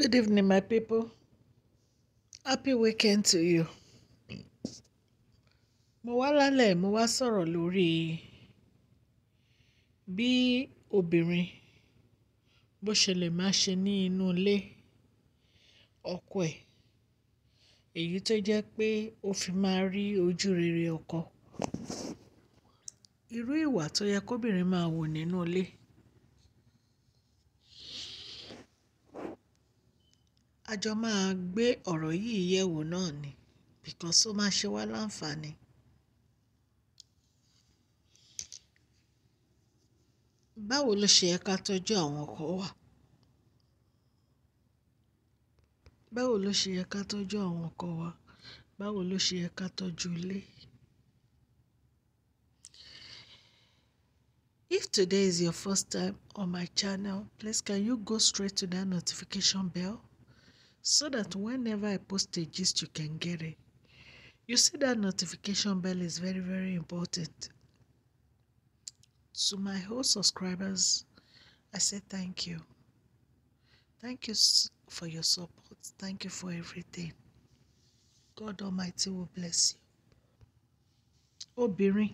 Good evening, my people. Happy weekend to you. Mo wá lálẹ́ mo wá sọ̀rọ̀ lórí bí obìnrin bó ṣe lè máa ṣe ní inú ilé ọkọ ẹ̀ èyí tó jẹ́ pé ó fi máa rí ojú rere ọkọ. Irú ìwà tó yẹ kóbìnrin máa wò nínú ilé. No a jọ máa gbé ọ̀rọ̀ yìí yẹ̀wò náà ni because ó máa ṣe wá láǹfààní. báwo ló ṣe yẹ ká tọ́jú àwọn ọkọ wa? báwo ló ṣe yẹ ká tọ́jú àwọn ọkọ wa? báwo ló ṣe yẹ ká tọ́jú ilé? If today is your first time on my channel, please can you go straight to that notification bell? so that whenever I post a gist, you can get it. You see, that notification bell is very, very important. To my whole subscribers, I say thank you. Thank you for your support. Thank you for everything. God Almighty will bless you. Obìnrin,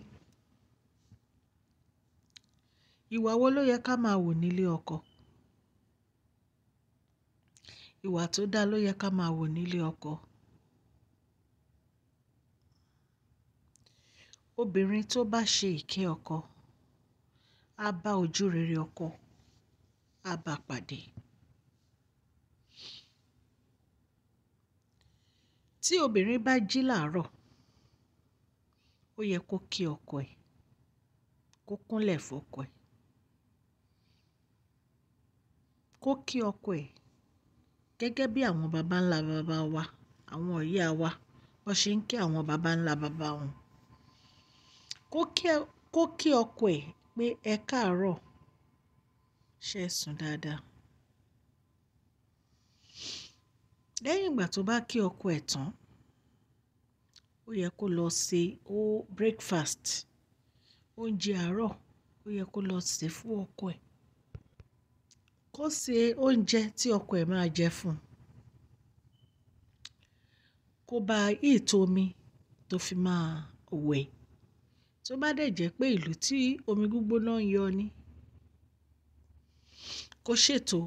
ìwà wo ló yẹ ká máa wò Ìwà tó dá ló yẹ ká máa wò nílé ọkọ. Obìnrin tó bá ṣe ìkẹ́ ọkọ, á bá ojú rere ọkọ, á bá pàdé. Tí obìnrin bá jí làárọ̀, ó yẹ kó kí ọkọ ẹ̀, kó kúnlẹ̀ fún ẹ̀, kó kí ọkọ ẹ̀ Gẹ́gẹ́ bí àwọn baba ńlá baba wa, àwọn ìyá wa, bó ṣe ń kí àwọn baba ńlá baba wọn. Kó kí ọkọ ẹ̀ pé "ẹ káàárọ̀, ṣé ẹ sùn dáadáa?" Lẹ́yìn ìgbà tó bá kí ọkọ ẹ̀ tán, ó yẹ kó lọ se ó breakfast, oúnjẹ àárọ̀ ó yẹ kó lọ sè fún ọkọ ẹ̀ kó se oúnjẹ tí ọkọ ẹ̀ máa jẹ fún un kó bá ìtò omi tó fi máa wẹ̀ tó bá dẹ̀ jẹ́ pé ìlú tí omi gbígbóná ń yọ ni kó ṣètò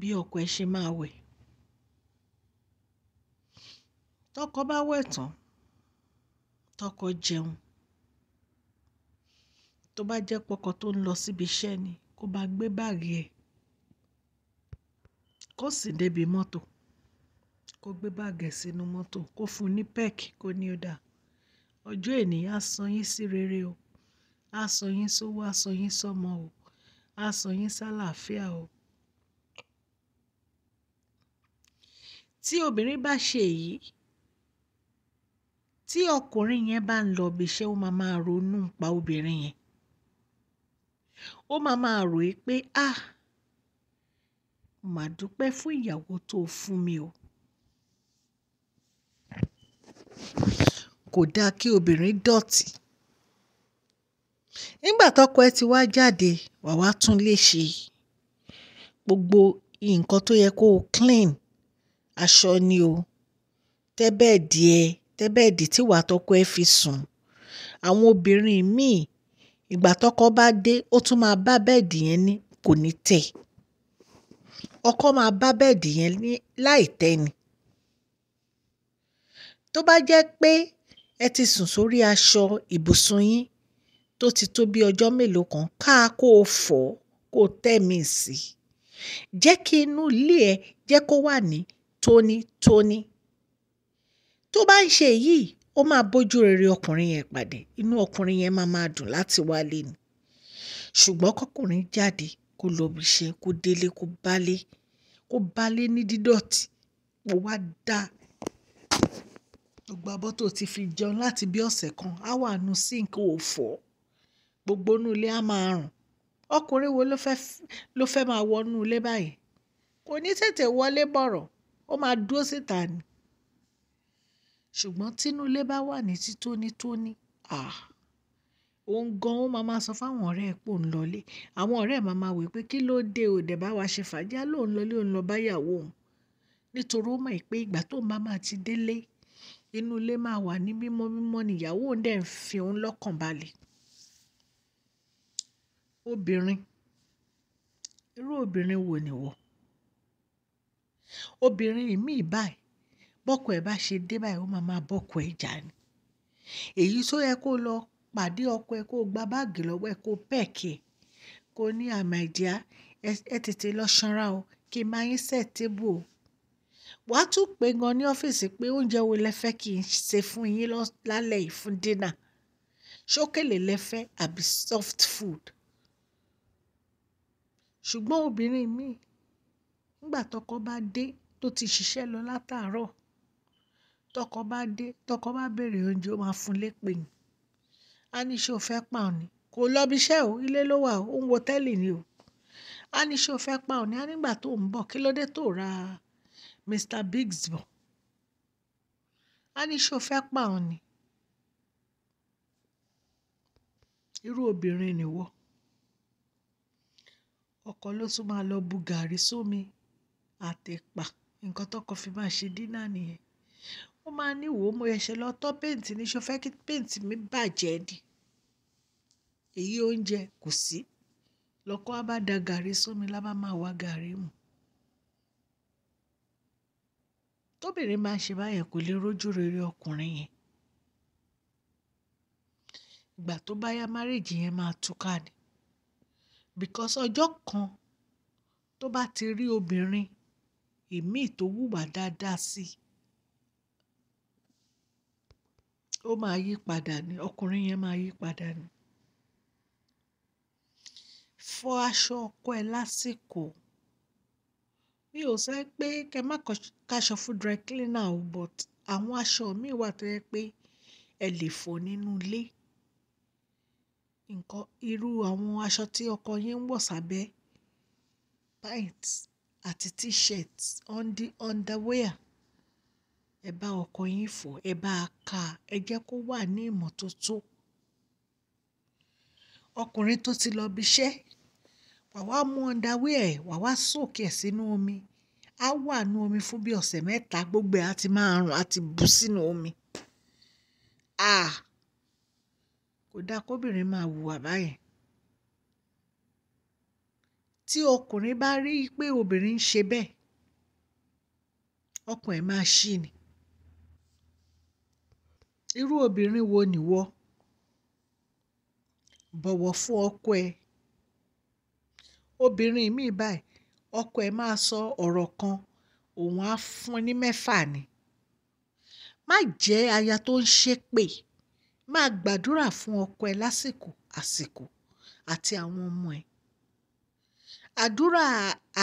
bí ọkọ ẹ̀ ṣe máa wẹ̀ tọkọ bá wẹ̀ tán tọkọ jẹun tó bá jẹ́ pọkọ tó ń lọ síbi iṣẹ́ ni kó bá gbé báàgì ẹ̀ kó sì débi mọ́tò kó gbé báàgì ẹ̀ sínú mọ́tò kó fún un ní pẹ́ẹ̀kì kó ní ó dáa ọjọ́ èní á san yín sí rere o á san yín sówó á san yín sọ́mọ o á san yín sálàáfíà o. tí obìnrin bá ṣe èyí tí ọkùnrin yẹn bá ń lọ ibi iṣẹ́ ó máa máa ronú pa obìnrin yẹn ó máa máa rò ó pé ah mà dúpẹ́ fún ìyàwó tó fún mi o. Kò dáa kí obìnrin dọ̀tí. Nígbà tọkọ ẹ ti wá jáde, wà wá tún lè ṣe. Gbogbo nǹkan tó yẹ kó clean, aṣọ ni o, tẹ́bẹ́ẹ̀dì ẹ, tẹ́bẹ́ẹ̀dì tí wà tọkọ ẹ fi sùn. Àwọn obìnrin míì Ìgbà tọkọ bá dé, ó tún máa bá bẹ́ẹ̀dì yẹn ní kò ní tẹ́. Ọkọ máa bá bẹ́ẹ̀dì yẹn ní láì tẹ́ ni. Tó bá jẹ́ pé ẹ ti sùn sórí aṣọ ibùsùn yín tó ti tó bí ọjọ́ mélòó kan, ká kó fọ̀ kó tẹ́ mi sí. Jẹ́ kí inú ilé ẹ jẹ́ kó wà ní tónítóní. Tó bá ń ṣe yìí, ó máa bójú rere ọkùnrin yẹn pàdé inú ọkùnrin yẹn máa máa dùn láti wálé ni ṣùgbọ́n kọkùnrin jáde kó lọ bí iṣẹ́ kó délé kó bálé kó bálé ní dídọ̀tí kó wá dá gbogbo abọ́ tó ti fi jẹun láti bí ọ̀sẹ̀ kan á wà nù sink ò fọ̀ gbogbo inú ilé á máa rùn ọkùnrin wo ló fẹ́ ló fẹ́ máa ilé báyìí kò ní tètè wọlé bọ̀rọ̀ ó máa dúró síta ni Ṣùgbọ́n tí inú ilé bá wà ní títónítóní, àh! Òun gan an ó máa sọ fún ọ̀rẹ́ ẹ pé òun lọlé. Àwọn ọ̀rẹ́ ẹ máa ma wí pé kí ló dé o dẹ̀ bá wa ṣe fàájì? A lóun lọlé, òun lọ bá ìyàwó òun. Nítorí ó mọ̀ pé ìgbà tó ń bá máa ti délé, inú ilé máa wà ní mímọ́ mímọ́ ni ìyàwó òun dẹ̀ ń fi òun lọ́kàn balẹ̀. Obìnrin, irú obìnrin wo ni ìwọ? Obìnrin ìmí báyìí bọ́kọ ẹ̀ bá ṣe dé báyìí ó máa máa bọ́kọ ẹ̀ jà ni. Èyí tó yẹ kó lọ pàdé ọkọ ẹ̀ kó gba báàgì lọ́wọ́ ẹ̀ kó pẹ́ẹ̀kì kó ní ah my dear ẹ tètè lọ sanra o kí n máa yín set table o. Wàá tún pè gan ní ọ́fíìsì pé oúnjẹ wo lẹ fẹ́ kí n ṣe fún yín lálẹ́ yìí fún dinner. Ṣókèlè lẹ àbí soft food. Ṣùgbọ́n obìnrin mi nígbà tọkọ bá dé tó ti ṣiṣẹ́ lọ látàárọ̀ Tọkọ bá dé, tọkọ bá bèrè oúnjẹ, ó máa fún lépè ni. A ní fẹ́ pound ni? Kò lọ ibi iṣẹ́ o, ilé ló wà o, ó ń wo tẹ́lì ni o. A ní ṣé o fẹ́ pound ni? A nígbà tó ń bọ̀, kí ló dé tó ra Mr. Biggs bọ̀? A ní fẹ́ pound ni? Irú obìnrin ni Ọkọ ló tún máa lọ bu gàrí sómi àt'ẹ̀pà. Ǹkan tó fi máa ṣe dínà nìyẹn ó máa ní wò ó mo ṣẹ̀ṣẹ̀ lọ tọ́ péǹtì ní ṣó fẹ́ kí péǹtì mi bàjẹ́ ni èyí oúnjẹ kò sí lọ́kọ́ á bá da gàrí sómi lábá máa wá gàrí mu tóbìnrin máa ṣe báyẹn kò lè rójú rere ọkùnrin yẹn ìgbà tó bá yá márèjì yẹn máa túká ni because ọjọ́ kan tó bá ti rí obìnrin ìmíì tó wùwà dáadáa sí i ó máa yí padà ni ọkùnrin yẹn máa yí padà ni. Fọ aṣọ ọkọ ẹ lásìkò. Mi ò sọ pé kẹ má kaṣọ fún dry cleaner o but àwọn aṣọ mi wà tó yẹ pé ẹ lè fọ nínú ilé. Nǹkan irú àwọn aṣọ tí ọkọ yín ń wọ̀ sábẹ́ pants àti t-shirt, under, underwear ẹ bá ọkọ̀ yín fọ̀, ẹ bá a ká, ẹ jẹ́ kó wà ní ìmọ́tótó. Ọkùnrin tó ti lọ ibi iṣẹ́, wà wá mú underwear ẹ̀, wà wá ẹ̀ sínú omi. A wà nínú omi fún bí ọ̀sẹ̀ mẹ́ta, gbogbo ẹ̀ a ti máa rùn, a ti bù sínú omi. Ah! Kò da kí obìnrin máa wùwà báyìí. Tí ọkùnrin bá rí pé obìnrin ń ṣe bẹ́ẹ̀, ọkàn máa ṣí ni. Irú obìnrin wo nìwọ? Bọ̀wọ̀ fún ọkọ ẹ. Obìnrin mí báyìí, ọkọ ẹ máa sọ ọ̀rọ̀ kan, òun á fún ní mẹ́fà ni. Má jẹ́ aya tó ń ṣépè. Má gbàdúrà fún ọkọ ẹ lásìkò, àsìkò àti àwọn ọmọ ẹ. Àdúrà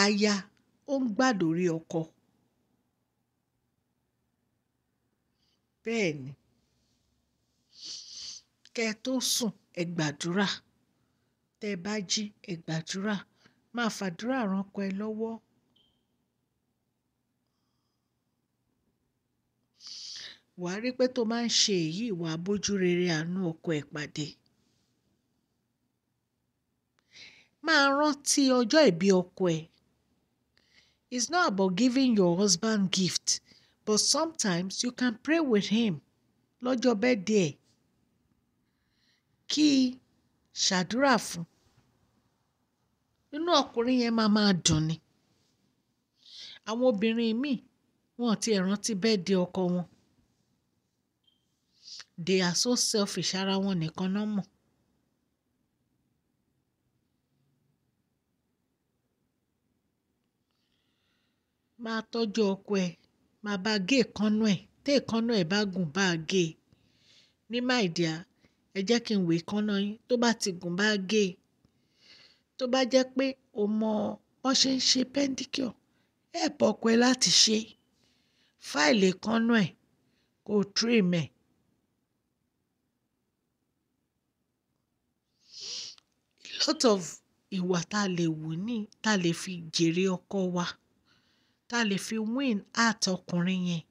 aya ó ń gbàdórí ọkọ. Bẹ́ẹ̀ni, kẹ́ tó sùn ẹ gbàdúrà tẹ́ bá jí ẹ gbàdúrà máa fàdúrà ránkọ ẹ lọ́wọ́. wà á rí pé tó máa ń ṣe èyí wà bójú rere àánú ọkọ ẹ pàdé. máa rántí ọjọ́ ìbí ọkọ ẹ. It's not about giving your husband gift, but sometimes you can pray with him lọ́jọ́ birthday ẹ̀ kí i ṣàdúrà fún inú ọkùnrin yẹn máa máa dùn ni àwọn obìnrin míì wọn ò tiẹ̀ rántí birthday ọkọ wọn they are so selfish ara wọn nìkan náà mọ̀ máa tọ́jú ọkọ ẹ̀ máa bá gé èkánná ẹ̀ tẹ́ èkánná ẹ̀ bá gùn bá a gé e. ní my ẹ jẹ́ kí n wèé kánná yín tó bá ti gùn bá gé e tó bá jẹ́ pé o mọ wọ́n ṣe ń ṣe pẹ́ńdíkìọ̀ help ọkọ ẹ láti ṣe fáìlì kánná ẹ̀ kó o trim ẹ̀. lot of ìwà tá a lè wù ní tá a lè fi jèrè ọkọ wa tá a lè fi win at ọkùnrin yẹn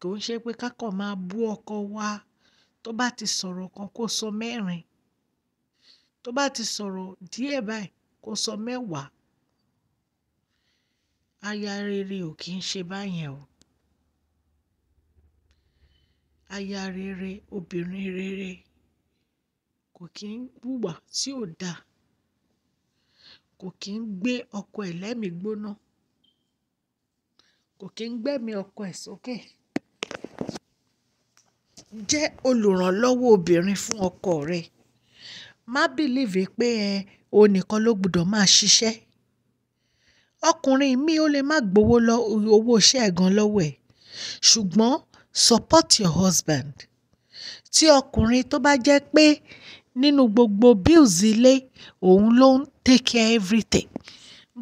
kò ń ṣe pé ká máa bú ọkọ wa tó bá ti sọ̀rọ̀ kan kó sọ mẹ́rin tó bá ti sọ̀rọ̀ díẹ̀ báyìí kó sọ mẹ́wàá aya rere ò kì í ṣe báyẹn o aya rere obìnrin rere kò kì í hùwà tí ò dáa kò kì í gbé ọkọ ẹ̀ lẹ́mìí gbóná kò kì í gbẹ́mìí ọkọ ẹ̀ sókè. Okay jẹ́ olùrànlọ́wọ́ obìnrin fún ọkọ rẹ má bìlíìfì pé ẹ o nìkan ló gbọ́dọ̀ máa ṣiṣẹ́ ọkùnrin mi ò lè má gbowó owó iṣẹ́ ẹ̀ gan lọ́wọ́ ẹ̀ ṣùgbọ́n support your husband tí ọkùnrin tó bá jẹ́ pé nínú gbogbo bills ilé òun ló ń take care everything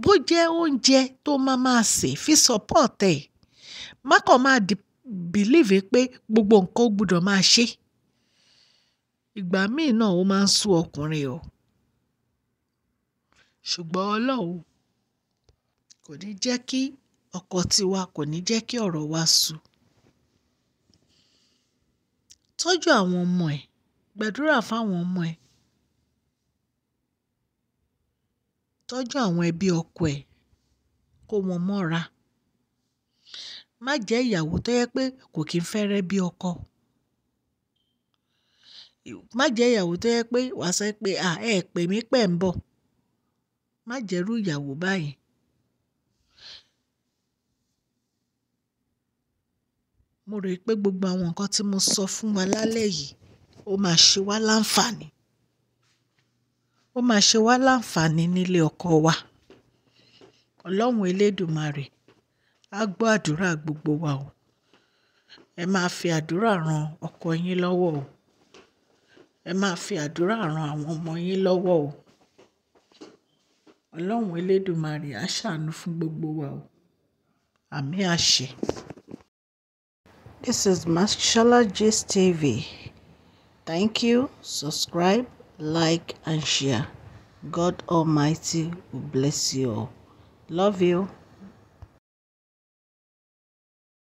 bó jẹ́ oúnjẹ tó máa máa sè fi support ẹ̀ má kàn máa depend believe pé gbogbo nǹkan ó gbúdọ̀ máa ṣe ìgbà míì náà ó máa ń sú ọkùnrin o ṣùgbọ́n ọlọ́run kò ní jẹ́ kí ọkọ tiwa kò ní jẹ́ kí ọ̀rọ̀ wa sú tọ́jú àwọn ọmọ ẹ̀ gbàdúrà fáwọn ọmọ ẹ̀ tọ́jú àwọn ẹbí ọkọ ẹ̀ kó wọn mọ́ra má jẹ́ ìyàwó tó yẹ pé kò kí ń fẹ́rẹ́ bí ọkọ. Má jẹ́ ìyàwó tó yẹ pé wàá sọ pé à ẹ pè mí pẹ̀ ń bọ̀. Má jẹ́rú ìyàwó báyìí. Mo rò pé gbogbo àwọn nǹkan tí mo sọ fún wa lálẹ́ yìí ó máa ṣe wá láǹfààní. Ó máa ṣe wá láǹfààní nílé ọkọ wa. Ọlọ́run Elédùmarè á gbọ́ àdúrà gbogbo wa o ẹ máa fi àdúrà ran ọkọ yín lọ́wọ́ o ẹ máa fi àdúrà ran àwọn ọmọ yín lọ́wọ́ o ọlọ́run elédùmarè á ṣàánú fún gbogbo wa o àmì àṣẹ. This is Mashola Gist TV. Thank you. Subscribe, like, and share. God Almighty will bless you all. Love you.